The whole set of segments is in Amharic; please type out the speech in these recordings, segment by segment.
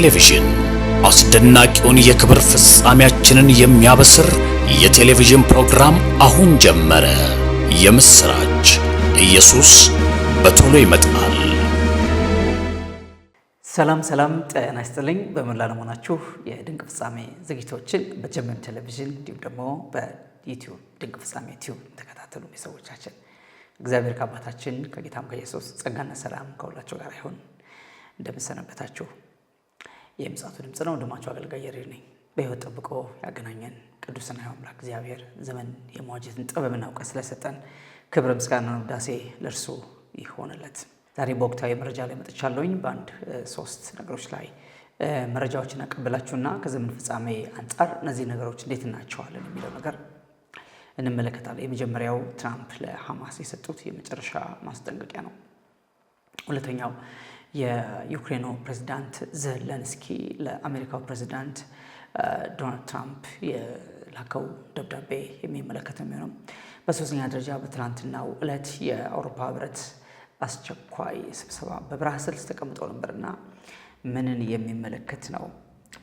ቴሌቪዥን አስደናቂውን የክብር ፍጻሜያችንን የሚያበስር የቴሌቪዥን ፕሮግራም አሁን ጀመረ። የምሥራች! ኢየሱስ በቶሎ ይመጣል። ሰላም ሰላም፣ ጤና ይስጥልኝ በመላ ለመሆናችሁ የድንቅ ፍጻሜ ዝግጅቶችን በጀመን ቴሌቪዥን እንዲሁም ደግሞ በዩቲዩብ ድንቅ ፍጻሜ ዩቲዩብ ተከታተሉ የሰዎቻችን እግዚአብሔር ከአባታችን ከጌታም ከኢየሱስ ጸጋና ሰላም ከሁላችሁ ጋር ይሁን። እንደምሰነበታችሁ የምጽአቱ ድምፅ ነው። ወንድማችሁ አገልጋይ ያሬድ ነኝ። በሕይወት ጠብቆ ያገናኘን ቅዱስና አምላክ እግዚአብሔር ዘመን የመዋጀትን ጥበብና እውቀት ስለሰጠን ክብር ምስጋና ውዳሴ ለእርሱ ይሆንለት። ዛሬ በወቅታዊ መረጃ ላይ መጥቻለሁኝ። በአንድ ሶስት ነገሮች ላይ መረጃዎችን አቀብላችሁና ከዘመን ፍጻሜ አንጻር እነዚህ ነገሮች እንዴት እናቸዋለን የሚለው ነገር እንመለከታለን። የመጀመሪያው ትራምፕ ለሐማስ የሰጡት የመጨረሻ ማስጠንቀቂያ ነው። ሁለተኛው የዩክሬኑ ፕሬዚዳንት ዘለንስኪ ለአሜሪካው ፕሬዚዳንት ዶናልድ ትራምፕ የላከው ደብዳቤ የሚመለከት የሚሆነው በሶስተኛ ደረጃ በትናንትናው ዕለት የአውሮፓ ህብረት አስቸኳይ ስብሰባ በብራስልስ ተቀምጦ ነበርና ምንን የሚመለከት ነው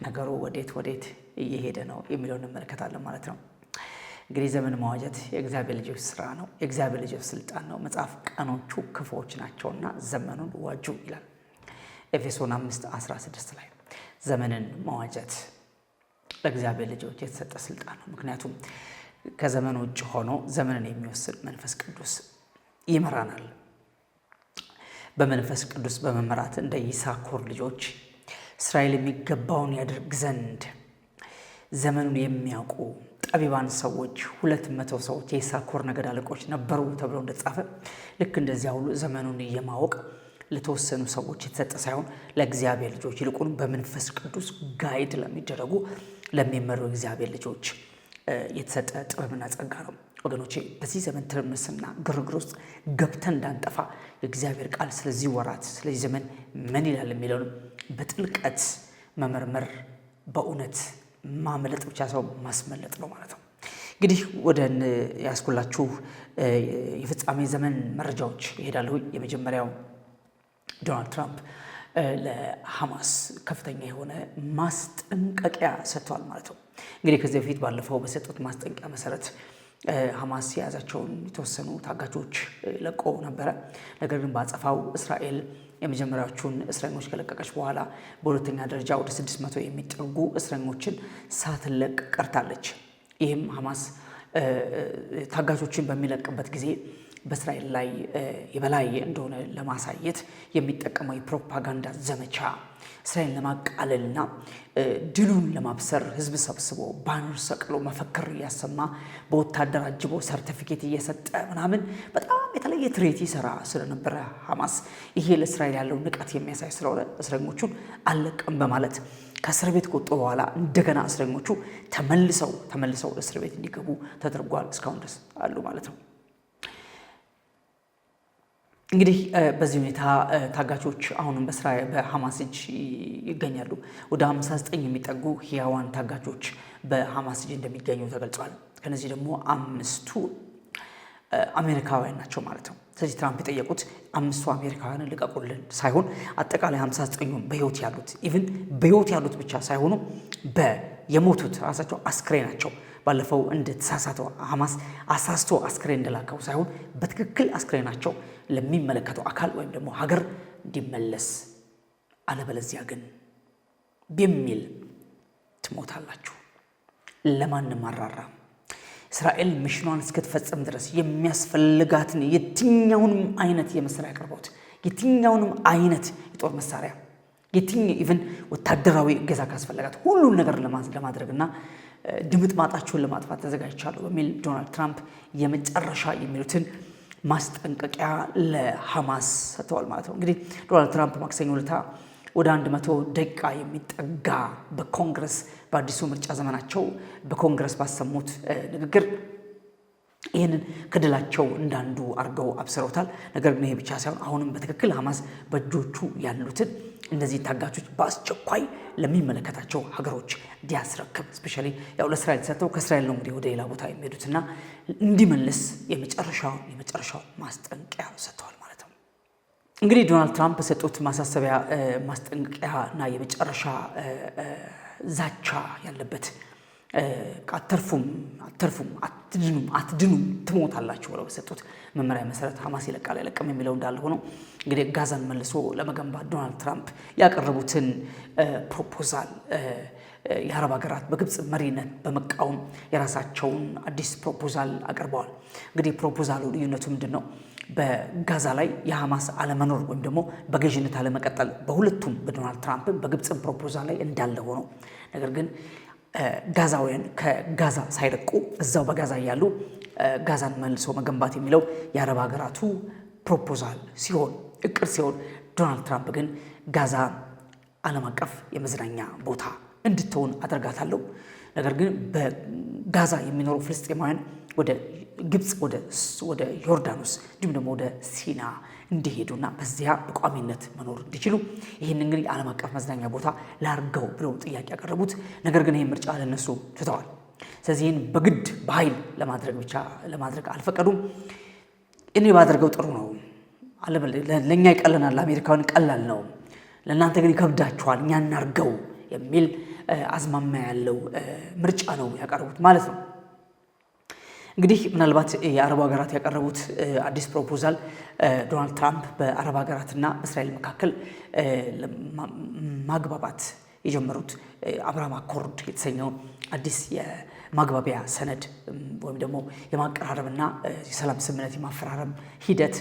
ነገሩ፣ ወዴት ወዴት እየሄደ ነው የሚለውን እንመለከታለን ማለት ነው። እንግዲህ ዘመን ማዋጀት የእግዚአብሔር ልጆች ስራ ነው፣ የእግዚአብሔር ልጆች ስልጣን ነው። መጽሐፍ ቀኖቹ ክፉዎች ናቸውና ዘመኑን ዋጁ ይላል። ኤፌሶን 5 16 ላይ ዘመንን መዋጀት ለእግዚአብሔር ልጆች የተሰጠ ስልጣን ነው። ምክንያቱም ከዘመን ውጭ ሆኖ ዘመንን የሚወስድ መንፈስ ቅዱስ ይመራናል። በመንፈስ ቅዱስ በመመራት እንደ ይሳኮር ልጆች እስራኤል የሚገባውን ያደርግ ዘንድ ዘመኑን የሚያውቁ ጠቢባን ሰዎች ሁለት መቶ ሰዎች የይሳኮር ነገድ አለቆች ነበሩ ተብሎ እንደተጻፈ ልክ እንደዚያ ሁሉ ዘመኑን እየማወቅ ለተወሰኑ ሰዎች የተሰጠ ሳይሆን ለእግዚአብሔር ልጆች ይልቁን በመንፈስ ቅዱስ ጋይድ ለሚደረጉ ለሚመሩ እግዚአብሔር ልጆች የተሰጠ ጥበብና ጸጋ ነው። ወገኖቼ በዚህ ዘመን ትርምስና ግርግር ውስጥ ገብተን እንዳንጠፋ የእግዚአብሔር ቃል ስለዚህ ወራት ስለዚህ ዘመን ምን ይላል የሚለውን በጥልቀት መመርመር በእውነት ማመለጥ ብቻ ሰው ማስመለጥ ነው ማለት ነው። እንግዲህ ወደ ያስኩላችሁ የፍጻሜ ዘመን መረጃዎች ይሄዳለሁ። የመጀመሪያው ዶናልድ ትራምፕ ለሐማስ ከፍተኛ የሆነ ማስጠንቀቂያ ሰጥቷል ማለት ነው። እንግዲህ ከዚህ በፊት ባለፈው በሰጡት ማስጠንቀቂያ መሰረት ሐማስ የያዛቸውን የተወሰኑ ታጋቾች ለቆ ነበረ። ነገር ግን በአጸፋው እስራኤል የመጀመሪያዎቹን እስረኞች ከለቀቀች በኋላ በሁለተኛ ደረጃ ወደ 600 የሚጠጉ እስረኞችን ሳትለቅ ቀርታለች። ይህም ሐማስ ታጋቾችን በሚለቅበት ጊዜ በእስራኤል ላይ የበላይ እንደሆነ ለማሳየት የሚጠቀመው የፕሮፓጋንዳ ዘመቻ እስራኤልን ለማቃለልና ድሉን ለማብሰር ህዝብ ሰብስቦ ባነር ሰቅሎ መፈክር እያሰማ በወታደር አጅቦ ሰርቲፊኬት እየሰጠ ምናምን በጣም የተለየ ትሬት ይሰራ ስለነበረ ሐማስ ይሄ ለእስራኤል ያለው ንቀት የሚያሳይ ስለሆነ እስረኞቹን አለቀም በማለት ከእስር ቤት ከወጡ በኋላ እንደገና እስረኞቹ ተመልሰው ተመልሰው እስር ቤት እንዲገቡ ተደርጓል። እስካሁን ድረስ አሉ ማለት ነው። እንግዲህ በዚህ ሁኔታ ታጋቾች አሁንም በስራ በሐማስ እጅ ይገኛሉ። ወደ 59 የሚጠጉ ህያዋን ታጋቾች በሐማስ እጅ እንደሚገኙ ተገልጿል። ከነዚህ ደግሞ አምስቱ አሜሪካውያን ናቸው ማለት ነው። ስለዚህ ትራምፕ የጠየቁት አምስቱ አሜሪካውያንን ልቀቁልን ሳይሆን አጠቃላይ 59ኙም በህይወት ያሉት ኢቭን በህይወት ያሉት ብቻ ሳይሆኑ የሞቱት ራሳቸው አስክሬ ናቸው ባለፈው እንደተሳሳተው ሐማስ አሳስቶ አስክሬ እንደላከው ሳይሆን በትክክል አስክሬ ናቸው ለሚመለከተው አካል ወይም ደግሞ ሀገር እንዲመለስ፣ አለበለዚያ ግን በሚል ትሞታላችሁ። ለማንም አራራ እስራኤል ሚሽኗን እስክትፈጸም ድረስ የሚያስፈልጋትን የትኛውንም አይነት የመሳሪያ አቅርቦት፣ የትኛውንም አይነት የጦር መሳሪያ፣ የትኛው ኢቨን ወታደራዊ እገዛ ካስፈለጋት ሁሉን ነገር ለማድረግና ድምጥ ማጣችሁን ለማጥፋት ተዘጋጅቻለሁ በሚል ዶናልድ ትራምፕ የመጨረሻ የሚሉትን ማስጠንቀቂያ ለሐማስ ሰጥተዋል ማለት ነው። እንግዲህ ዶናልድ ትራምፕ ማክሰኞ ዕለት ወደ አንድ መቶ ደቂቃ የሚጠጋ በኮንግረስ በአዲሱ ምርጫ ዘመናቸው በኮንግረስ ባሰሙት ንግግር ይህንን ከድላቸው እንዳንዱ አድርገው አብስረውታል። ነገር ግን ይሄ ብቻ ሳይሆን አሁንም በትክክል ሐማስ በእጆቹ ያሉትን እነዚህ ታጋቾች በአስቸኳይ ለሚመለከታቸው ሀገሮች እንዲያስረክብ እስፔሻሊ ያው ለእስራኤል ተሰጥተው ከእስራኤል ነው እንግዲህ ወደ ሌላ ቦታ የሚሄዱት የሚሄዱትና እንዲመልስ የመጨረሻው የመጨረሻው ማስጠንቀቂያ ሰጥተዋል ማለት ነው። እንግዲህ ዶናልድ ትራምፕ የሰጡት ማሳሰቢያ ማስጠንቀቂያ እና የመጨረሻ ዛቻ ያለበት አተርፉም አተርፉም አትድኑም አትድኑም ትሞታላችሁ ብለው በሰጡት መመሪያ መሰረት ሀማስ ይለቃል አይለቅም የሚለው እንዳለ ሆኖ እንግዲህ ጋዛን መልሶ ለመገንባት ዶናልድ ትራምፕ ያቀረቡትን ፕሮፖዛል የአረብ ሀገራት በግብፅ መሪነት በመቃወም የራሳቸውን አዲስ ፕሮፖዛል አቅርበዋል። እንግዲህ ፕሮፖዛሉ ልዩነቱ ምንድን ነው? በጋዛ ላይ የሐማስ አለመኖር ወይም ደግሞ በገዥነት አለመቀጠል በሁለቱም በዶናልድ ትራምፕ በግብፅም ፕሮፖዛል ላይ እንዳለ ሆኖ ነገር ግን ጋዛውያን ከጋዛ ሳይለቁ እዛው በጋዛ እያሉ ጋዛን መልሶ መገንባት የሚለው የአረብ ሀገራቱ ፕሮፖዛል ሲሆን እቅድ ሲሆን ዶናልድ ትራምፕ ግን ጋዛ ዓለም አቀፍ የመዝናኛ ቦታ እንድትሆን አደርጋታለሁ፣ ነገር ግን በጋዛ የሚኖሩ ፍልስጤማውያን ወደ ግብፅ፣ ወደ ዮርዳኖስ እንዲሁም ደግሞ ወደ ሲና እንዲሄዱና በዚያ በቋሚነት መኖር እንዲችሉ ይህን እንግዲህ ዓለም አቀፍ መዝናኛ ቦታ ላርገው ብለው ጥያቄ ያቀረቡት፣ ነገር ግን ይህ ምርጫ ለነሱ ትተዋል። ስለዚህን በግድ በኃይል ለማድረግ ብቻ ለማድረግ አልፈቀዱም። እኔ ባደርገው ጥሩ ነው፣ ለእኛ ይቀለናል፣ ለአሜሪካውያን ቀላል ነው፣ ለእናንተ ግን ይከብዳችኋል፣ እኛ እናርገው የሚል አዝማሚያ ያለው ምርጫ ነው ያቀረቡት ማለት ነው። እንግዲህ ምናልባት የአረቡ ሀገራት ያቀረቡት አዲስ ፕሮፖዛል ዶናልድ ትራምፕ በአረብ ሀገራትና እስራኤል መካከል ማግባባት የጀመሩት አብርሃም አኮርድ የተሰኘውን አዲስ የማግባቢያ ሰነድ ወይም ደግሞ የማቀራረብና የሰላም ስምምነት የማፈራረም ሂደት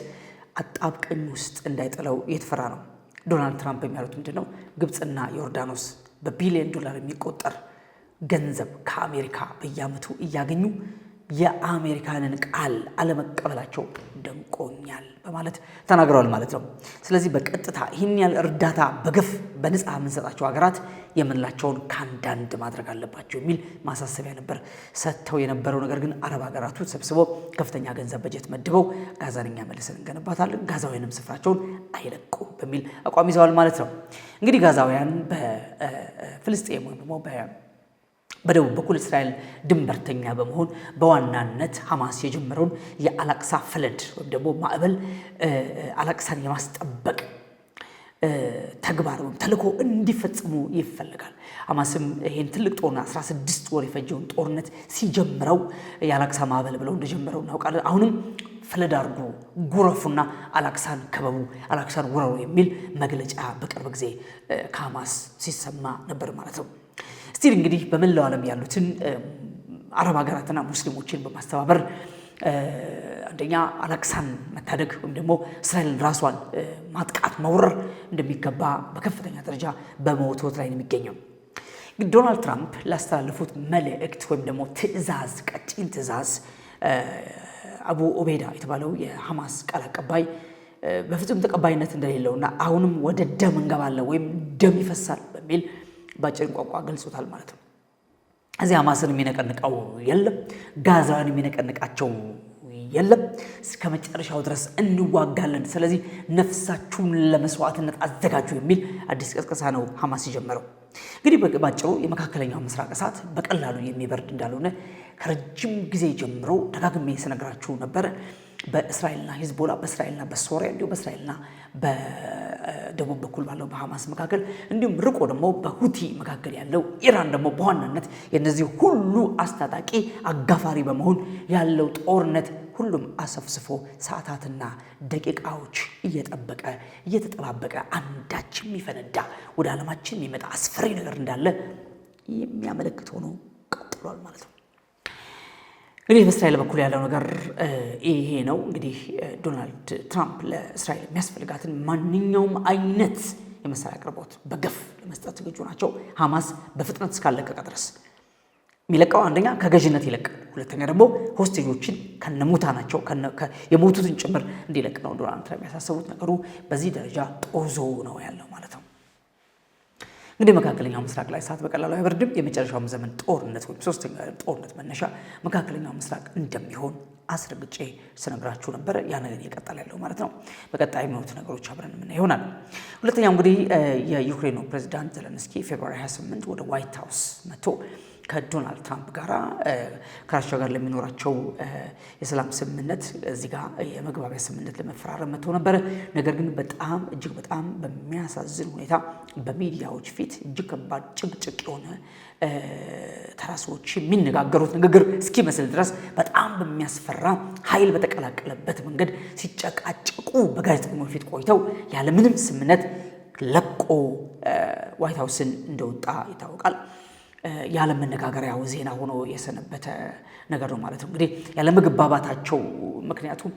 አጣብቀኝ ውስጥ እንዳይጥለው እየተፈራ ነው። ዶናልድ ትራምፕ የሚያሉት ምንድን ነው? ግብፅና ዮርዳኖስ በቢሊዮን ዶላር የሚቆጠር ገንዘብ ከአሜሪካ በየዓመቱ እያገኙ የአሜሪካንን ቃል አለመቀበላቸው ደንቆኛል በማለት ተናግረዋል ማለት ነው። ስለዚህ በቀጥታ ይህን ያህል እርዳታ በግፍ በነፃ የምንሰጣቸው ሀገራት የምንላቸውን ከአንዳንድ ማድረግ አለባቸው የሚል ማሳሰቢያ ነበር ሰጥተው የነበረው። ነገር ግን አረብ ሀገራቱ ሰብስቦ ከፍተኛ ገንዘብ በጀት መድበው ጋዛን እኛ መልሰን እንገነባታለን፣ ጋዛውያንም ስፍራቸውን አይለቁ በሚል አቋም ይዘዋል ማለት ነው። እንግዲህ ጋዛውያን በፍልስጤም ወይም ደግሞ በደቡብ በኩል እስራኤል ድንበርተኛ በመሆን በዋናነት ሐማስ የጀመረውን የአላቅሳ ፈለድ ወይም ደግሞ ማዕበል አላቅሳን የማስጠበቅ ተግባር ወይም ተልእኮ እንዲፈጽሙ ይፈልጋል። ሐማስም ይህን ትልቅ ጦርነት 16 ወር የፈጀውን ጦርነት ሲጀምረው የአላቅሳ ማዕበል ብለው እንደጀመረው እናውቃለን። አሁንም ፈለድ አድርጎ ጉረፉና አላቅሳን ከበቡ፣ አላቅሳን ውረሩ የሚል መግለጫ በቅርብ ጊዜ ከሐማስ ሲሰማ ነበር ማለት ነው። ስቲል እንግዲህ በመላው ዓለም ያሉትን አረብ ሀገራትና ሙስሊሞችን በማስተባበር አንደኛ አላቅሳን መታደግ ወይም ደግሞ እስራኤልን ራሷን ማጥቃት መውረር እንደሚገባ በከፍተኛ ደረጃ በመወትወት ላይ ነው የሚገኘው። ዶናልድ ትራምፕ ላስተላለፉት መልእክት ወይም ደግሞ ትዕዛዝ፣ ቀጭን ትዕዛዝ አቡ ኦቤዳ የተባለው የሐማስ ቃል አቀባይ በፍጹም ተቀባይነት እንደሌለው እና አሁንም ወደ ደም እንገባለን ወይም ደም ይፈሳል በሚል በአጭር ቋንቋ ገልጾታል ማለት ነው። እዚህ ሐማስን የሚነቀንቀው የለም፣ ጋዛን የሚነቀንቃቸው የለም። እስከ መጨረሻው ድረስ እንዋጋለን፣ ስለዚህ ነፍሳችሁን ለመስዋዕትነት አዘጋጁ የሚል አዲስ ቀስቀሳ ነው ሐማስ የጀመረው። እንግዲህ ባጭሩ የመካከለኛው ምስራቅ እሳት በቀላሉ የሚበርድ እንዳልሆነ ከረጅም ጊዜ ጀምሮ ደጋግሜ ስነግራችሁ ነበረ። በእስራኤልና ሂዝቦላ በእስራኤልና በሶሪያ እንዲሁም በእስራኤልና በደቡብ በኩል ባለው በሐማስ መካከል እንዲሁም ርቆ ደግሞ በሁቲ መካከል ያለው ኢራን ደግሞ በዋናነት የነዚህ ሁሉ አስታጣቂ አጋፋሪ በመሆን ያለው ጦርነት ሁሉም አሰፍስፎ ሰዓታትና ደቂቃዎች እየጠበቀ እየተጠባበቀ አንዳች የሚፈነዳ ወደ ዓለማችን የሚመጣ አስፈሪ ነገር እንዳለ የሚያመለክት ሆኖ ቀጥሏል ማለት ነው። እንግዲህ በእስራኤል በኩል ያለው ነገር ይሄ ነው። እንግዲህ ዶናልድ ትራምፕ ለእስራኤል የሚያስፈልጋትን ማንኛውም አይነት የመሳሪያ አቅርቦት በገፍ ለመስጠት ዝግጁ ናቸው። ሐማስ በፍጥነት እስካለቀቀ ድረስ የሚለቀው አንደኛ ከገዥነት ይለቅ፣ ሁለተኛ ደግሞ ሆስቴጆችን ከነሙታ ናቸው የሞቱትን ጭምር እንዲለቅ ነው ዶናልድ ትራምፕ ያሳሰቡት። ነገሩ በዚህ ደረጃ ጦዞ ነው ያለው ማለት ነው። እንግዲህ መካከለኛው ምስራቅ ላይ እሳት በቀላሉ አይበርድም። የመጨረሻውም ዘመን ጦርነት ወይም ሶስተኛው ጦርነት መነሻ መካከለኛው ምስራቅ እንደሚሆን አስረግጬ ስነግራችሁ ነበረ። ያ ነገር እየቀጠለ ያለው ማለት ነው። በቀጣይ የሚሆኑት ነገሮች አብረን የምናየው ይሆናል። ሁለተኛው እንግዲህ የዩክሬኑ ፕሬዚዳንት ዘለንስኪ ፌብርዋሪ 28 ወደ ዋይት ሀውስ መጥቶ ከዶናልድ ትራምፕ ጋር ከራሻ ጋር ለሚኖራቸው የሰላም ስምምነት እዚህ ጋር የመግባቢያ ስምምነት ለመፈራረም መጥቶ ነበረ። ነገር ግን በጣም እጅግ በጣም በሚያሳዝን ሁኔታ በሚዲያዎች ፊት እጅግ ከባድ ጭቅጭቅ የሆነ ተራሶዎች የሚነጋገሩት ንግግር እስኪመስል ድረስ በጣም በሚያስፈራ ኃይል በተቀላቀለበት መንገድ ሲጨቃጨቁ በጋዜጠኞች ፊት ቆይተው ያለምንም ስምምነት ለቆ ዋይት ሀውስን እንደወጣ ይታወቃል። የዓለም መነጋገሪያ ዜና ሆኖ የሰነበተ ነገር ነው ማለት ነው። እንግዲህ ያለመግባባታቸው ምክንያቱም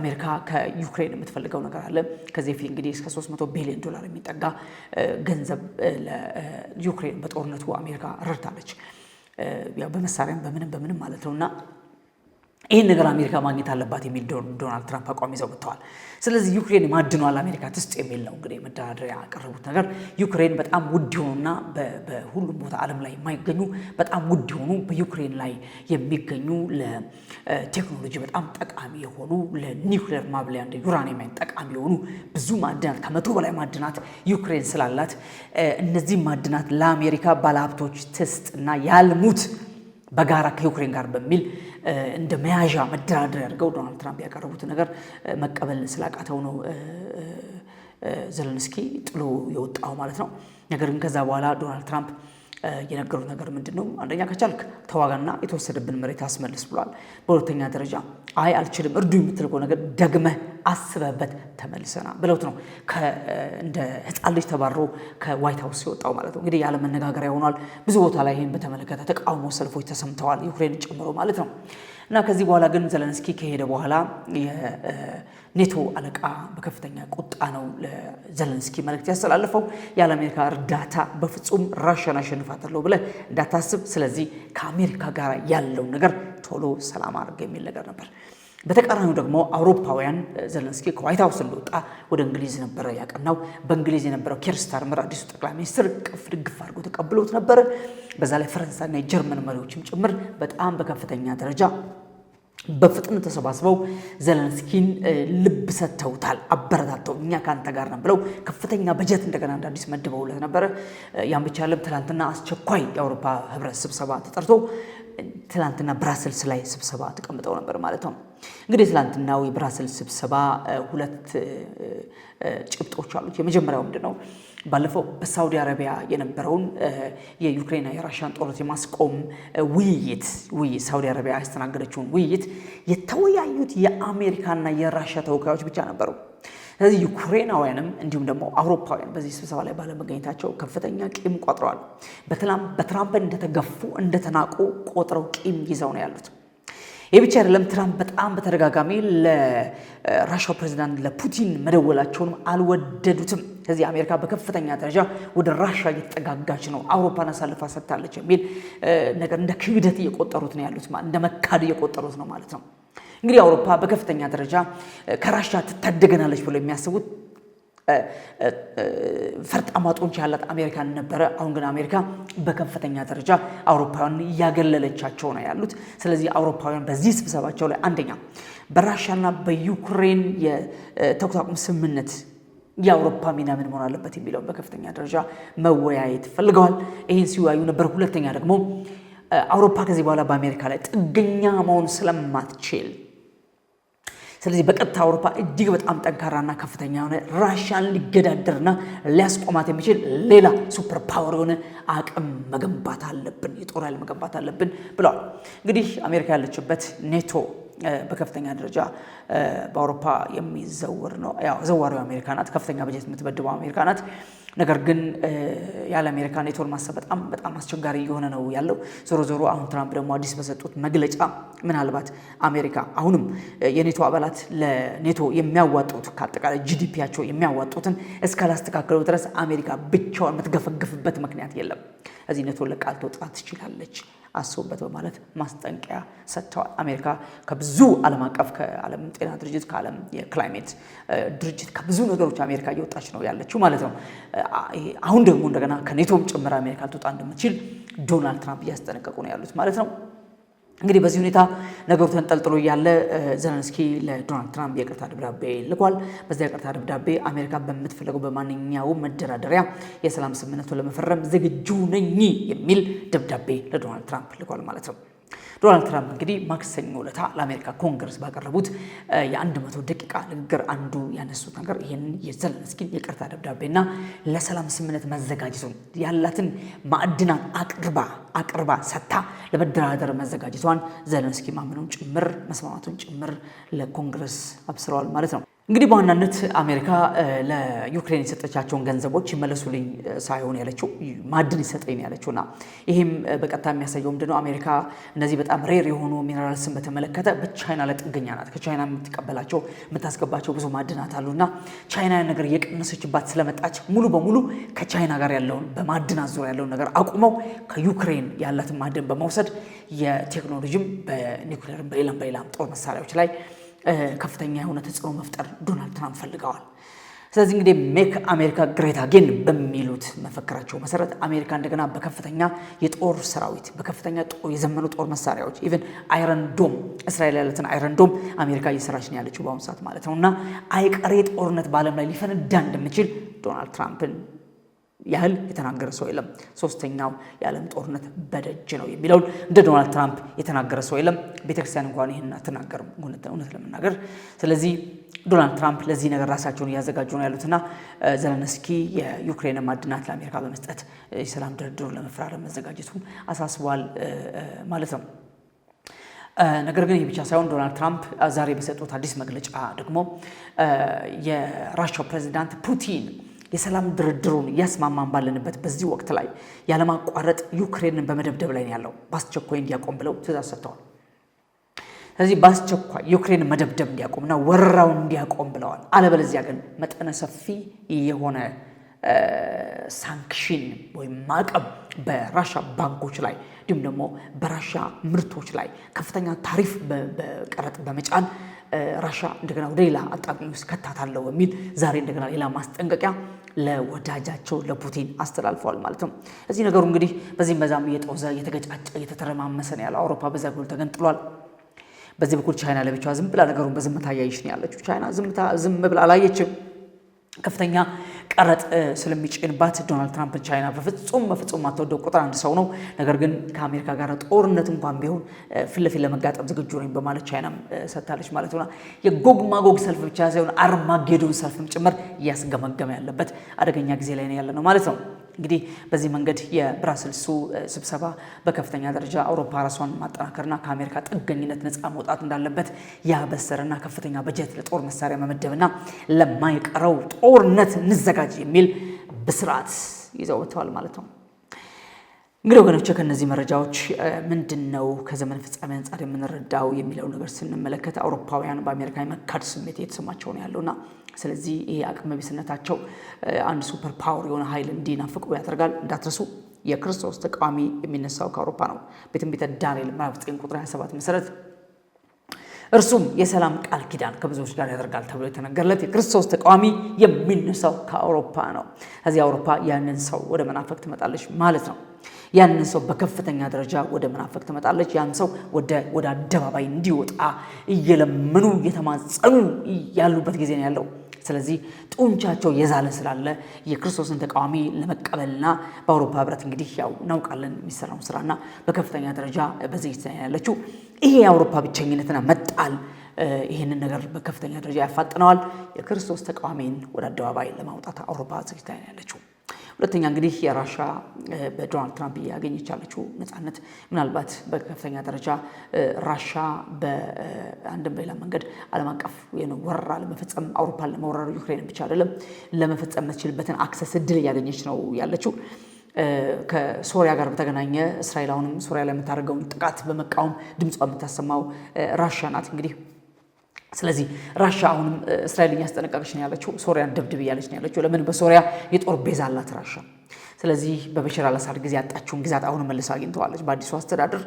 አሜሪካ ከዩክሬን የምትፈልገው ነገር አለ። ከዚህ ፊት እንግዲህ እስከ 300 ቢሊዮን ዶላር የሚጠጋ ገንዘብ ለዩክሬን በጦርነቱ አሜሪካ ረድታለች፣ በመሳሪያም በምንም በምንም ማለት ነው እና ይህን ነገር አሜሪካ ማግኘት አለባት የሚል ዶናልድ ትራምፕ አቋም ይዘው ብተዋል። ስለዚህ ዩክሬን ማድኗል አሜሪካ ትስጥ የሚል ነው እንግዲህ መደራደሪያ ያቀረቡት ነገር። ዩክሬን በጣም ውድ የሆኑና በሁሉም ቦታ ዓለም ላይ የማይገኙ በጣም ውድ የሆኑ በዩክሬን ላይ የሚገኙ ለቴክኖሎጂ በጣም ጠቃሚ የሆኑ ለኒውክሌር ማብለያ እንደ ዩራኒየም ጠቃሚ የሆኑ ብዙ ማዕድናት ከመቶ በላይ ማዕድናት ዩክሬን ስላላት እነዚህ ማዕድናት ለአሜሪካ ባለሀብቶች ትስጥ እና ያልሙት በጋራ ከዩክሬን ጋር በሚል እንደ መያዣ መደራደር ያደርገው ዶናልድ ትራምፕ ያቀረቡት ነገር መቀበል ስላቃተው ነው ዘለንስኪ ጥሎ የወጣው ማለት ነው። ነገር ግን ከዛ በኋላ ዶናልድ ትራምፕ የነገሩ ነገር ምንድን ነው? አንደኛ ከቻልክ ተዋጋና የተወሰደብን መሬት አስመልስ ብሏል። በሁለተኛ ደረጃ አይ አልችልም እርዱ የምትልቆ ነገር ደግመህ አስበህበት ተመልሰና ብለውት ነው እንደ ህፃን ልጅ ተባሮ ከዋይት ሀውስ ሲወጣው ማለት ነው። እንግዲህ መነጋገሪያ ሆኗል። ብዙ ቦታ ላይ ይህን በተመለከተ ተቃውሞ ሰልፎች ተሰምተዋል፣ ዩክሬን ጨምሮ ማለት ነው። እና ከዚህ በኋላ ግን ዘለንስኪ ከሄደ በኋላ የኔቶ አለቃ በከፍተኛ ቁጣ ነው ለዘለንስኪ መልእክት ያስተላለፈው። ያለ አሜሪካ እርዳታ በፍጹም ራሽያን አሸንፋታለሁ ብለህ እንዳታስብ፣ ስለዚህ ከአሜሪካ ጋር ያለው ነገር ቶሎ ሰላም አድርግ የሚል ነገር ነበር። በተቃራኒው ደግሞ አውሮፓውያን ዘለንስኪ ከዋይት ሀውስ እንደወጣ ወደ እንግሊዝ ነበረ ያቀናው። በእንግሊዝ የነበረው ኬር ስታርመር አዲሱ ጠቅላይ ሚኒስትር ቅፍ ድግፍ አድርጎ ተቀብሎት ነበረ። በዛ ላይ ፈረንሳይና የጀርመን መሪዎችም ጭምር በጣም በከፍተኛ ደረጃ በፍጥነት ተሰባስበው ዘለንስኪን ልብ ሰጥተውታል፣ አበረታተው እኛ ከአንተ ጋር ነን ብለው ከፍተኛ በጀት እንደገና እንደ አዲስ መድበውለት ነበረ። ያም ብቻ ለም ትናንትና አስቸኳይ የአውሮፓ ህብረት ስብሰባ ተጠርቶ ትላንትና ብራስልስ ላይ ስብሰባ ተቀምጠው ነበር ማለት ነው። እንግዲህ የትላንትናው የብራስልስ ስብሰባ ሁለት ጭብጦች አሉት። የመጀመሪያው ምንድን ነው? ባለፈው በሳውዲ አረቢያ የነበረውን የዩክሬንና የራሽያን ጦርነት የማስቆም ውይይት ውይይት ሳውዲ አረቢያ ያስተናገደችውን ውይይት የተወያዩት የአሜሪካና የራሽያ ተወካዮች ብቻ ነበሩ። ስለዚህ ዩክሬናውያንም እንዲሁም ደግሞ አውሮፓውያን በዚህ ስብሰባ ላይ ባለመገኘታቸው ከፍተኛ ቂም ቆጥረዋል። በትራምፕ እንደተገፉ እንደተናቁ ቆጥረው ቂም ይዘው ነው ያሉት። ይህ ብቻ አይደለም። ትራምፕ በጣም በተደጋጋሚ ለራሻው ፕሬዚዳንት ለፑቲን መደወላቸውንም አልወደዱትም። ከዚህ አሜሪካ በከፍተኛ ደረጃ ወደ ራሻ እየተጠጋጋች ነው፣ አውሮፓን አሳልፋ ሰጥታለች የሚል ነገር እንደ ክህደት እየቆጠሩት ነው ያሉት፣ እንደ መካድ እየቆጠሩት ነው ማለት ነው። እንግዲህ አውሮፓ በከፍተኛ ደረጃ ከራሻ ትታደገናለች ብሎ የሚያስቡት ፈርጣማ ጡንቻ ያላት አሜሪካን ነበረ። አሁን ግን አሜሪካ በከፍተኛ ደረጃ አውሮፓውያን እያገለለቻቸው ነው ያሉት። ስለዚህ አውሮፓውያን በዚህ ስብሰባቸው ላይ አንደኛ በራሻና በዩክሬን የተኩስ አቁም ስምምነት የአውሮፓ ሚና ምን መሆን አለበት የሚለውን በከፍተኛ ደረጃ መወያየት ፈልገዋል። ይህን ሲወያዩ ነበር። ሁለተኛ ደግሞ አውሮፓ ከዚህ በኋላ በአሜሪካ ላይ ጥገኛ መሆን ስለማትችል ስለዚህ በቀጥታ አውሮፓ እጅግ በጣም ጠንካራና ከፍተኛ የሆነ ራሽያን ሊገዳደርና ሊያስቆማት የሚችል ሌላ ሱፐር ፓወር የሆነ አቅም መገንባት አለብን፣ የጦር ኃይል መገንባት አለብን ብለዋል። እንግዲህ አሜሪካ ያለችበት ኔቶ በከፍተኛ ደረጃ በአውሮፓ የሚዘወር ነው። ያው ዘዋሪው አሜሪካ ናት። ከፍተኛ በጀት የምትበድበው አሜሪካ ናት። ነገር ግን ያለ አሜሪካን የጦር ማሰብ በጣም በጣም አስቸጋሪ እየሆነ ነው ያለው። ዞሮ ዞሮ አሁን ትራምፕ ደግሞ አዲስ በሰጡት መግለጫ ምናልባት አሜሪካ አሁንም የኔቶ አባላት ለኔቶ የሚያዋጡት ከአጠቃላይ ጂዲፒያቸው የሚያዋጡትን እስካላስተካከለው ድረስ አሜሪካ ብቻዋን የምትገፈግፍበት ምክንያት የለም። እዚህ ኔቶ ለቃል ልትወጣ ትችላለች። አስቡበት በማለት ማስጠንቀቂያ ሰጥተዋል። አሜሪካ ከብዙ ዓለም አቀፍ ከዓለም ጤና ድርጅት ከዓለም የክላይሜት ድርጅት ከብዙ ነገሮች አሜሪካ እየወጣች ነው ያለችው ማለት ነው። አሁን ደግሞ እንደገና ከኔቶም ጭምር አሜሪካ ልትወጣ እንደምትችል ዶናልድ ትራምፕ እያስጠነቀቁ ነው ያሉት ማለት ነው። እንግዲህ በዚህ ሁኔታ ነገሩ ተንጠልጥሎ እያለ ዘለንስኪ ለዶናልድ ትራምፕ የቅርታ ደብዳቤ ልኳል። በዚያ የቅርታ ደብዳቤ አሜሪካ በምትፈልገው በማንኛውም መደራደሪያ የሰላም ስምምነቱን ለመፈረም ዝግጁ ነኝ የሚል ደብዳቤ ለዶናልድ ትራምፕ ልኳል ማለት ነው። ዶናልድ ትራምፕ እንግዲህ ማክሰኞ ዕለት ለአሜሪካ ኮንግረስ ባቀረቡት የአንድ መቶ ደቂቃ ንግግር አንዱ ያነሱት ነገር ይህን የዘለንስኪን የቅርታ ደብዳቤና ለሰላም ስምምነት መዘጋጀቱን ያላትን ማዕድናት አቅርባ አቅርባ ሰታ ለመደራደር መዘጋጀቷን ዘለንስኪ ማመኑን ጭምር መስማማቱን ጭምር ለኮንግረስ አብስረዋል ማለት ነው። እንግዲህ በዋናነት አሜሪካ ለዩክሬን የሰጠቻቸውን ገንዘቦች ይመለሱልኝ ሳይሆን ያለችው ማዕድን ይሰጠኝ ያለችውና ይህም በቀጥታ የሚያሳየው ምንድነው? አሜሪካ እነዚህ በጣም ሬር የሆኑ ሚነራልስን በተመለከተ በቻይና ላይ ጥገኛ ናት። ከቻይና የምትቀበላቸው የምታስገባቸው ብዙ ማዕድናት አሉና ቻይና ነገር እየቀነሰችባት ስለመጣች ሙሉ በሙሉ ከቻይና ጋር ያለውን በማዕድናት ዙሪያ ያለውን ነገር አቁመው ከዩክሬን ያላትን ማዕድን በመውሰድ የቴክኖሎጂም በኒውክሌርም በሌላም በሌላም ጦር መሳሪያዎች ላይ ከፍተኛ የሆነ ተጽዕኖ መፍጠር ዶናልድ ትራምፕ ፈልገዋል። ስለዚህ እንግዲህ ሜክ አሜሪካ ግሬት አጌን በሚሉት መፈክራቸው መሰረት አሜሪካ እንደገና በከፍተኛ የጦር ሰራዊት በከፍተኛ የዘመኑ ጦር መሳሪያዎች ኢቨን አይረን ዶም እስራኤል ያለትን አይረን ዶም አሜሪካ እየሰራች ነው ያለችው በአሁኑ ሰዓት ማለት ነው እና አይቀሬ ጦርነት በዓለም ላይ ሊፈነዳ እንደሚችል ዶናልድ ትራምፕን ያህል የተናገረ ሰው የለም። ሶስተኛው የዓለም ጦርነት በደጅ ነው የሚለውን እንደ ዶናልድ ትራምፕ የተናገረ ሰው የለም። ቤተክርስቲያን እንኳን ይህን አትናገርም እውነት ለመናገር። ስለዚህ ዶናልድ ትራምፕ ለዚህ ነገር ራሳቸውን እያዘጋጁ ነው ያሉትና ዘለንስኪ የዩክሬን ማዕድናት ለአሜሪካ በመስጠት የሰላም ድርድሩ ለመፈራረም መዘጋጀቱ አሳስቧል ማለት ነው። ነገር ግን ይህ ብቻ ሳይሆን ዶናልድ ትራምፕ ዛሬ በሰጡት አዲስ መግለጫ ደግሞ የራሻው ፕሬዚዳንት ፑቲን የሰላም ድርድሩን እያስማማን ባለንበት በዚህ ወቅት ላይ ያለማቋረጥ ዩክሬንን በመደብደብ ላይ ያለው በአስቸኳይ እንዲያቆም ብለው ትእዛዝ ሰጥተዋል። ስለዚህ በአስቸኳይ ዩክሬን መደብደብ እንዲያቆምና ወረራውን እንዲያቆም ብለዋል። አለበለዚያ ግን መጠነ ሰፊ የሆነ ሳንክሽን ወይም ማዕቀብ በራሻ ባንኮች ላይ እንዲሁም ደግሞ በራሻ ምርቶች ላይ ከፍተኛ ታሪፍ በቀረጥ በመጫን ራሻ እንደገና ወደ ሌላ አጣብቂኝ ውስጥ ከታታለው በሚል ዛሬ እንደገና ሌላ ማስጠንቀቂያ ለወዳጃቸው ለፑቲን አስተላልፈዋል ማለት ነው። እዚህ ነገሩ እንግዲህ በዚህም በዛም እየጦዘ እየተገጫጨ እየተተረማመሰ ነው ያለው። አውሮፓ በዛ ጎል ተገንጥሏል። በዚህ በኩል ቻይና ለብቻዋ ዝም ብላ ነገሩን በዝምታ እያየች ነው ያለችው። ቻይና ዝም ብላ አላየችም። ከፍተኛ ቀረጥ ስለሚጭንባት ዶናልድ ትራምፕ ቻይና በፍጹም በፍጹም ማትወደው ቁጥር አንድ ሰው ነው። ነገር ግን ከአሜሪካ ጋር ጦርነት እንኳን ቢሆን ፊት ለፊት ለመጋጠም ዝግጁ ነኝ በማለት ቻይናም ሰጥታለች ማለት ነው። የጎግ ማጎግ ሰልፍ ብቻ ሳይሆን አርማጌዶን ሰልፍም ጭምር እያስገመገመ ያለበት አደገኛ ጊዜ ላይ ያለ ነው ማለት ነው። እንግዲህ በዚህ መንገድ የብራስልሱ ስብሰባ በከፍተኛ ደረጃ አውሮፓ ራሷን ማጠናከርና ከአሜሪካ ጥገኝነት ነፃ መውጣት እንዳለበት ያበሰረና ከፍተኛ በጀት ለጦር መሳሪያ መመደብና ለማይቀረው ጦርነት እንዘጋጅ የሚል ብስርዓት ይዘው ወጥተዋል ማለት ነው። እንግዲህ ወገኖች ከእነዚህ መረጃዎች ምንድን ነው ከዘመን ፍጻሜ አንጻር የምንረዳው የሚለው ነገር ስንመለከት አውሮፓውያን በአሜሪካ የመካድ ስሜት እየተሰማቸው ነው ያለውና ስለዚህ ይሄ አቅመ ቢስነታቸው አንድ ሱፐር ፓወር የሆነ ኃይል እንዲናፍቁ ያደርጋል። እንዳትረሱ የክርስቶስ ተቃዋሚ የሚነሳው ከአውሮፓ ነው። በትንቢተ ዳንኤል ምዕራፍ 9 ቁጥር 27 መሰረት እርሱም የሰላም ቃል ኪዳን ከብዙዎች ጋር ያደርጋል ተብሎ የተነገረለት የክርስቶስ ተቃዋሚ የሚነሳው ከአውሮፓ ነው። ከዚህ አውሮፓ ያንን ሰው ወደ መናፈቅ ትመጣለች ማለት ነው። ያንን ሰው በከፍተኛ ደረጃ ወደ መናፈቅ ትመጣለች። ያን ሰው ወደ አደባባይ እንዲወጣ እየለመኑ እየተማጸኑ ያሉበት ጊዜ ነው ያለው። ስለዚህ ጡንቻቸው የዛለ ስላለ የክርስቶስን ተቃዋሚ ለመቀበልና በአውሮፓ ህብረት እንግዲህ ያው እናውቃለን የሚሰራውን ስራና በከፍተኛ ደረጃ በዚህ ላይ ያለችው ይሄ የአውሮፓ ብቸኝነትና መጣል ይህንን ነገር በከፍተኛ ደረጃ ያፋጥነዋል። የክርስቶስ ተቃዋሚን ወደ አደባባይ ለማውጣት አውሮፓ ዝግጅት ያለችው ሁለተኛ እንግዲህ የራሻ በዶናልድ ትራምፕ እያገኘች ያለችው ነፃነት ምናልባት በከፍተኛ ደረጃ ራሻ በአንድም በሌላ መንገድ ዓለም አቀፍ ወረራ ለመፈጸም አውሮፓን ለመወረር ዩክሬን ብቻ አይደለም ለመፈጸም የምትችልበትን አክሰስ እድል እያገኘች ነው ያለችው። ከሶሪያ ጋር በተገናኘ እስራኤል አሁንም ሶሪያ ላይ የምታደርገውን ጥቃት በመቃወም ድምጿ የምታሰማው ራሻ ናት እንግዲህ ስለዚህ ራሻ አሁንም እስራኤል እያስጠነቀቀች ነው ያለችው። ሶሪያን ደብድብ እያለች ነው ያለችው። ለምን? በሶሪያ የጦር ቤዛ አላት ራሻ ስለዚህ በበሽር አልአሳድ ጊዜ ያጣችውን ግዛት አሁን መልሳ አግኝተዋለች። በአዲሱ አስተዳደር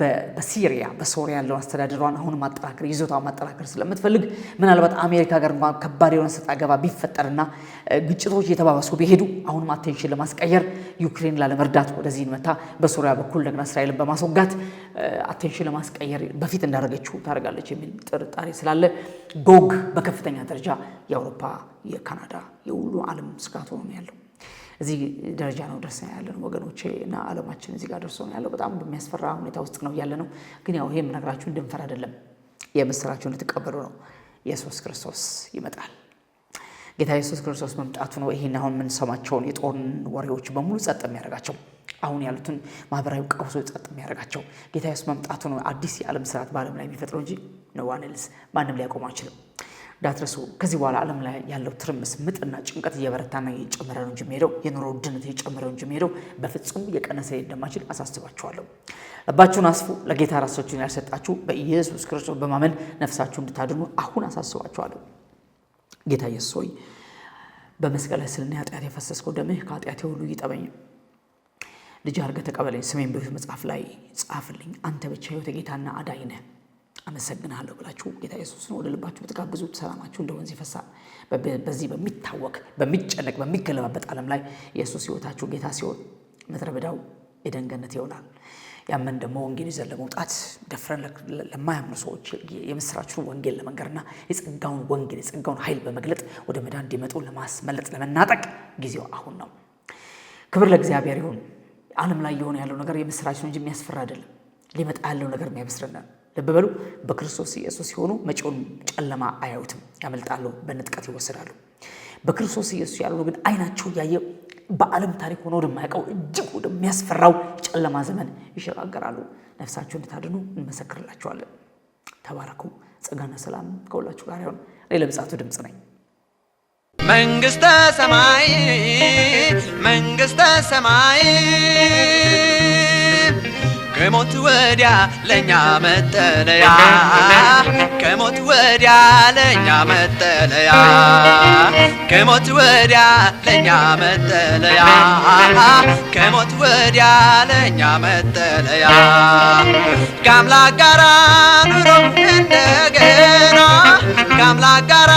በሲሪያ በሶሪያ ያለውን አስተዳደሯን አሁን ማጠናከር ይዞታ ማጠናከር ስለምትፈልግ ምናልባት አሜሪካ ጋር እንኳን ከባድ የሆነ ሰጥ አገባ ቢፈጠርና ግጭቶች እየተባባሱ ቢሄዱ አሁንም አቴንሽን ለማስቀየር ዩክሬን ላለመርዳት ወደዚህ መታ፣ በሶሪያ በኩል ደግና እስራኤልን በማስወጋት አቴንሽን ለማስቀየር በፊት እንዳደረገችው ታደርጋለች የሚል ጥርጣሬ ስላለ ጎግ በከፍተኛ ደረጃ የአውሮፓ፣ የካናዳ፣ የሁሉ ዓለም ስጋት ሆኖ ያለው እዚህ ደረጃ ነው ደርሰን ያለን ወገኖቼ፣ እና አለማችን እዚህ ጋር ደርሶ ነው ያለው። በጣም በሚያስፈራ ሁኔታ ውስጥ ነው እያለ ነው። ግን ያው ይሄ የምነግራችሁ እንድንፈር አይደለም፣ የምስራችሁ እንድትቀበሉ ነው። ኢየሱስ ክርስቶስ ይመጣል። ጌታ ኢየሱስ ክርስቶስ መምጣቱ ነው ይህን አሁን የምንሰማቸውን የጦርን ወሬዎች በሙሉ ጸጥ የሚያደርጋቸው አሁን ያሉትን ማህበራዊ ቀውሶ ጸጥ የሚያደርጋቸው ጌታ ኢየሱስ መምጣቱ ነው። አዲስ የዓለም ስርዓት በዓለም ላይ የሚፈጥረው እንጂ ነዋንልስ ማንም ሊያቆሙ አይችልም። እንዳትረሱ። ከዚህ በኋላ ዓለም ላይ ያለው ትርምስ፣ ምጥና ጭንቀት እየበረታና እየጨመረ ነው እንጂ የሚሄደው የኑሮ ውድነት እየጨመረ ነው እንጂ የሚሄደው በፍጹም የቀነሰ እንደማይችል አሳስባችኋለሁ። ልባችሁን አስፉ። ለጌታ ራሳችሁን ያልሰጣችሁ በኢየሱስ ክርስቶስ በማመን ነፍሳችሁ እንድታድኑ አሁን አሳስባችኋለሁ። ጌታ ኢየሱስ ሆይ በመስቀል ላይ ስለኔ ኃጢአት የፈሰስከው ደምህ ከኃጢአቴ ሁሉ ይጠበኝ። ልጅ አድርገህ ተቀበለኝ። ስሜን በሕይወት መጽሐፍ ላይ ጻፍልኝ። አንተ ብቻ ሕይወቴ ጌታና አዳኝ ነህ። አመሰግናለሁ ብላችሁ ጌታ ኢየሱስን ወደ ልባችሁ ብትጋብዙት ሰላማችሁ እንደ ወንዝ ይፈሳል። በዚህ በሚታወቅ በሚጨነቅ በሚገለባበት ዓለም ላይ ኢየሱስ ሕይወታችሁ ጌታ ሲሆን ምድረ በዳው የደንገነት ይሆናል። ያመን ደግሞ ወንጌል ይዘን ለመውጣት ደፍረን ለማያምኑ ሰዎች የምስራችን ወንጌል ለመንገርና የጸጋውን ወንጌል የጸጋውን ኃይል በመግለጥ ወደ መዳን እንዲመጡ ለማስመለጥ ለመናጠቅ ጊዜው አሁን ነው። ክብር ለእግዚአብሔር ይሁን። ዓለም ላይ የሆነ ያለው ነገር የምስራችን እንጂ የሚያስፈራ አይደለም። ሊመጣ ያለው ነገር የሚያበስረናል ልብ በሉ። በክርስቶስ ኢየሱስ ሲሆኑ መጪውን ጨለማ አያዩትም፣ ያመልጣሉ፣ በንጥቀት ይወሰዳሉ። በክርስቶስ ኢየሱስ ያሉ ግን አይናቸው እያየ በዓለም ታሪክ ሆኖ ወደማያውቀው እጅግ ወደሚያስፈራው ጨለማ ዘመን ይሸጋገራሉ። ነፍሳቸው እንድታድኑ እንመሰክርላቸዋለን። ተባረኩ። ጸጋና ሰላም ከሁላችሁ ጋር ይሆን ሌለ ብጻቱ ድምፅ ነኝ። መንግስተ ሰማይ መንግስተ ሰማይ ከሞት ወዲያ ለኛ መጠለያ ከሞት ወዲያ ለኛ መጠለያ ከሞት ወዲያ ለኛ መጠለያ ከሞት ወዲያ ለኛ መጠለያ ከአምላክ ጋራ ኑሮ እንደገና ከአምላክ ጋራ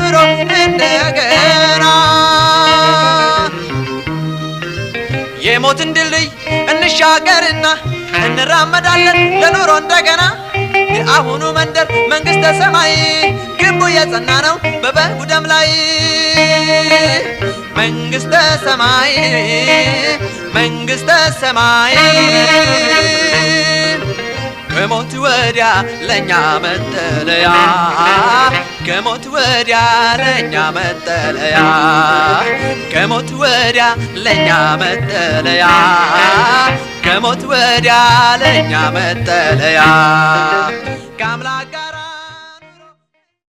ኑሮ እንደገና የሞትን ድልድይ እንሻገርና እንራመዳለን ለኑሮ እንደገና የአሁኑ መንደር መንግስተ ሰማይ ግንቡ የጸና ነው በበጉ ደም ላይ መንግስተ ሰማይ መንግሥተ ሰማይ ከሞት ወዲያ ለእኛ መጠለያ ከሞት ወዲያ ለእኛ መጠለያ ከሞት ወዲያ ለእኛ መጠለያ ከሞት ወዲያ ለእኛ መጠለያ ከአምላክ